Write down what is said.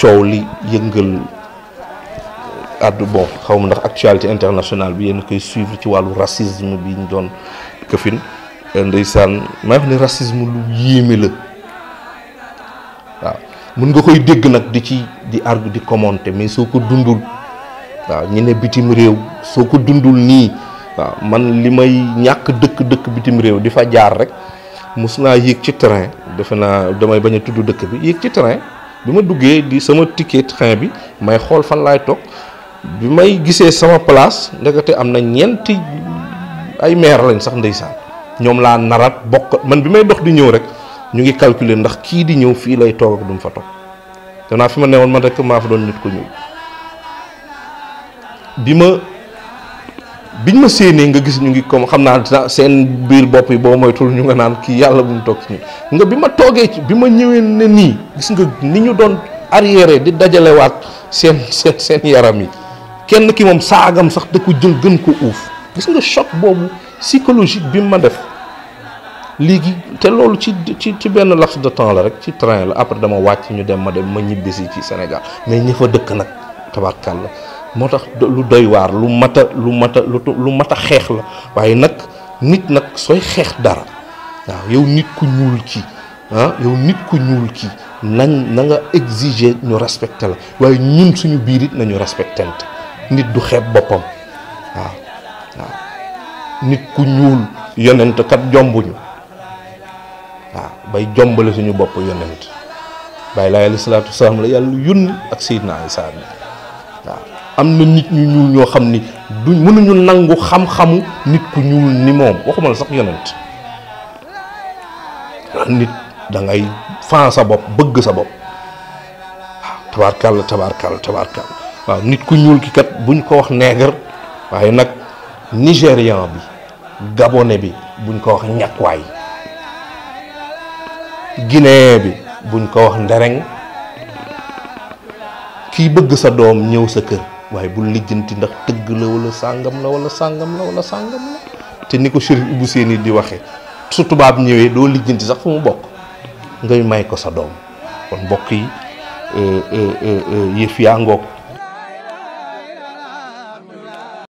coow li yëngal addu euh, bon xaw ma ndax actualité internationale bi yéen koy suivre ci wàllu racisme bi ñu doon këfin euh, ndeysaan maa ngi ne racisme lu yéeme la waaw mun nga koy dégg nag di ci di argu di commenter mais soo ko dundul waaw ñi ne bitim réew soo ko dundul nii waaw man li may ñàkk dëkk-dëkk bitim réew di fa jaar rek mus naa yéeg ci train defe naa damay bañ a tudd dëkk bi yéeg ci train bi ma duggee di sama ticket train bi may xool fan laay toog bi may gisee sama place ndekete am na ñeenti ay maire lañ sax ndeysaan ñoom laa narat bokk man bi may dox di ñëw rek ñu ngi calculer ndax kii di ñëw fii lay toog ak fa toog danaa fi ma newoon man rek maa fa doon nit ko ñëw bi ma biñ ma séenee nga gis ñu ngi comme xam naa seen biir bopp yi boo moytul ñu nga naan kii yàlla bu mu toog ci nga bi ma toogee ci bi ma ñëwee ne nii gis nga ni ñu doon arrière di dajalewaat seen seen seen yaram yi kenn ki moom saagam sax dëkku ko jël gën ko uuf gis nga choc boobu psychologique bi ma def léegi te loolu ci ci ci benn lax de temps la rek ci train la après dama wàcc ñu dem ma dem ma ñibbisi ci Sénégal mais ñi fa dëkk nag tabarkàlla moo tax lu doy waar lu mat a lu mat a lu mat xeex la waaye nag nit nag sooy xeex dara waaw yow nit ku ñuul ci ah, nit ku ñuul kii nañ na nga ñu respecté la waaye ñun suñu biir it nañu respecté nit du xeeb boppam waaw waaw nit ku ñuul yonent kat jombuñu waaw bay jombale suñu bopp yonent bàyyi laay alayhi salaatu wasalaam la yàlla yónni ak Seydina Isaa bi waaw am na nit ñu ñuul ñoo xam ni duñ mënuñu nangu xam-xamu nit ku ñuul ni moom waxuma la sax yonent nit da ngay fan sa bopp bëgg sa bopp tabarkal tabarkal tabarkal waaw nit ku ñuul ki kat buñ ko wax nègre waaye nag nigérian bi gabonais bi buñ ko wax ñakwaay guinée bi buñ ko wax ndereng kii bëgg sa doom ñëw sa kër waaye bul lijjanti ndax tëgg la wala sàngam la wala sàngam la wala sàngam la te ni ko Chérif Ibou Seyni di waxee su tubaab ñëwee doo lijjanti sax fu mu bokk ngay may ko sa doom kon mbokk yi euh, euh, euh, yëf yaa ngoog